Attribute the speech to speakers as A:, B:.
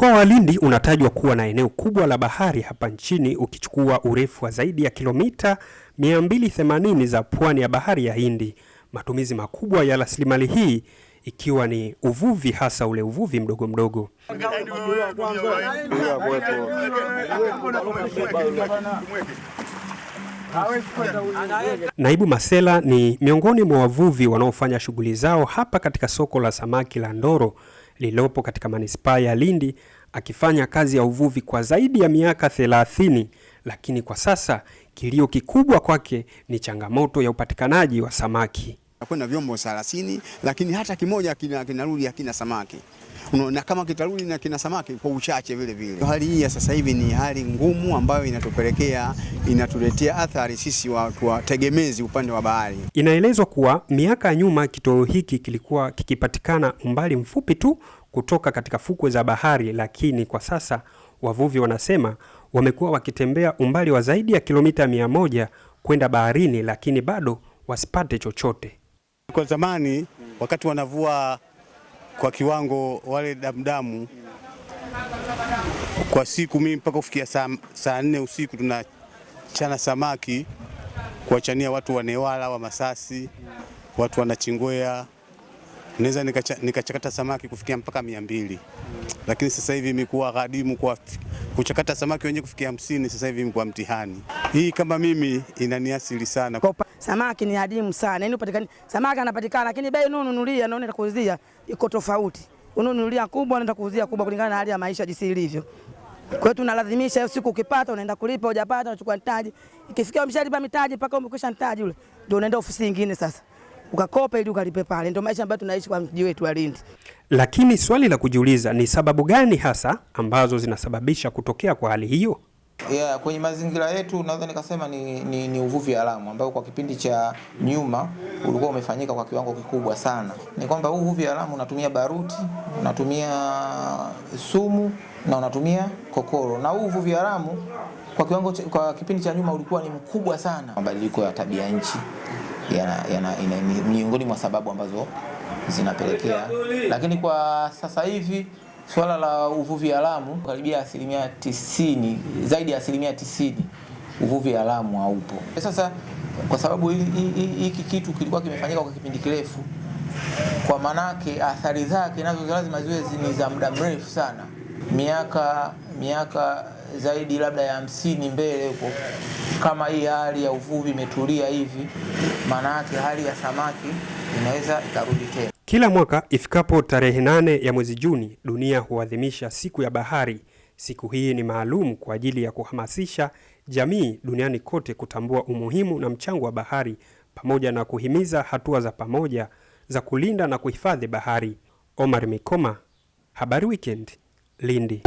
A: Mkoa wa Lindi unatajwa kuwa na eneo kubwa la bahari hapa nchini ukichukua urefu wa zaidi ya kilomita 280 za pwani ya Bahari ya Hindi. Matumizi makubwa ya rasilimali hii ikiwa ni uvuvi hasa ule uvuvi mdogo mdogo. Naibu Masela ni miongoni mwa wavuvi wanaofanya shughuli zao hapa katika soko la samaki la Ndoro lililopo katika manispaa ya Lindi akifanya kazi ya uvuvi kwa zaidi ya miaka 30, lakini kwa sasa kilio kikubwa kwake ni changamoto ya upatikanaji wa samaki.
B: Nakwenda vyombo 30 lakini hata kimoja kinarudi hakina samaki. Unaona, kama kitarudi na kina samaki kwa uchache vile vile. Hali hii ya sasa hivi ni hali ngumu ambayo inatupelekea inatuletea athari sisi watu wategemezi upande wa bahari.
A: Inaelezwa kuwa miaka ya nyuma kitoweo hiki kilikuwa kikipatikana umbali mfupi tu kutoka katika fukwe za bahari, lakini kwa sasa wavuvi wanasema wamekuwa wakitembea umbali wa zaidi ya kilomita mia moja kwenda baharini, lakini bado wasipate chochote.
B: Kwa zamani wakati wanavua kwa kiwango wale damdamu kwa siku, mimi mpaka kufikia saa, saa nne usiku tunachana samaki kuwachania watu wa Newala wa Masasi, watu wanachingwea naweza nikachakata samaki kufikia mpaka mia mbili, lakini sasa hivi imekuwa ghadimu kwa Kuchakata samaki wenye kufikia hamsini sasa hivi kwa mtihani. Hii kama mimi inaniasili sana.
C: Samaki ni adimu sana. Yaani upatikani samaki anapatikana lakini bei unaonunulia na unakuuzia iko tofauti. Unaonunulia kubwa unaenda kuuzia kubwa kulingana na hali ya maisha jinsi ilivyo. Kwa hiyo tunalazimisha hiyo siku ukipata unaenda kulipa, hujapata unachukua mtaji. Ikifikia umeshalipa mitaji mpaka umekwisha mtaji ule, ndio unaenda ofisi nyingine sasa. Ukakopa ili ukalipe pale. Ndio maisha ambayo tunaishi kwa mji wetu wa Lindi.
A: Lakini swali la kujiuliza ni sababu gani hasa ambazo zinasababisha kutokea kwa hali hiyo?
B: Yeah, kwenye mazingira yetu naweza nikasema ni, ni, ni uvuvi haramu ambao kwa kipindi cha nyuma ulikuwa umefanyika kwa kiwango kikubwa sana. Ni kwamba huu uvuvi haramu unatumia baruti, unatumia sumu na unatumia kokoro, na huu uvuvi haramu kwa kiwango kwa kipindi cha nyuma ulikuwa ni mkubwa sana. Mabadiliko ya tabia nchi yana, miongoni mwa sababu ambazo zinapelekea. Lakini kwa sasa hivi swala la uvuvi haramu karibia asilimia tisini, zaidi ya asilimia tisini uvuvi haramu haupo. Sasa kwa sababu hiki kitu kilikuwa kimefanyika kwa kipindi kirefu, kwa maanake athari zake nazo lazima ziwe ni za muda mrefu sana, miaka miaka zaidi labda ya hamsini mbele huko, kama hii hali ya uvuvi imetulia hivi, maana yake hali ya samaki inaweza ikarudi tena.
A: Kila mwaka ifikapo tarehe nane ya mwezi Juni, dunia huadhimisha siku ya bahari. Siku hii ni maalum kwa ajili ya kuhamasisha jamii duniani kote kutambua umuhimu na mchango wa bahari pamoja na kuhimiza hatua za pamoja za kulinda na kuhifadhi bahari. Omar Mikoma, Habari Weekend, Lindi.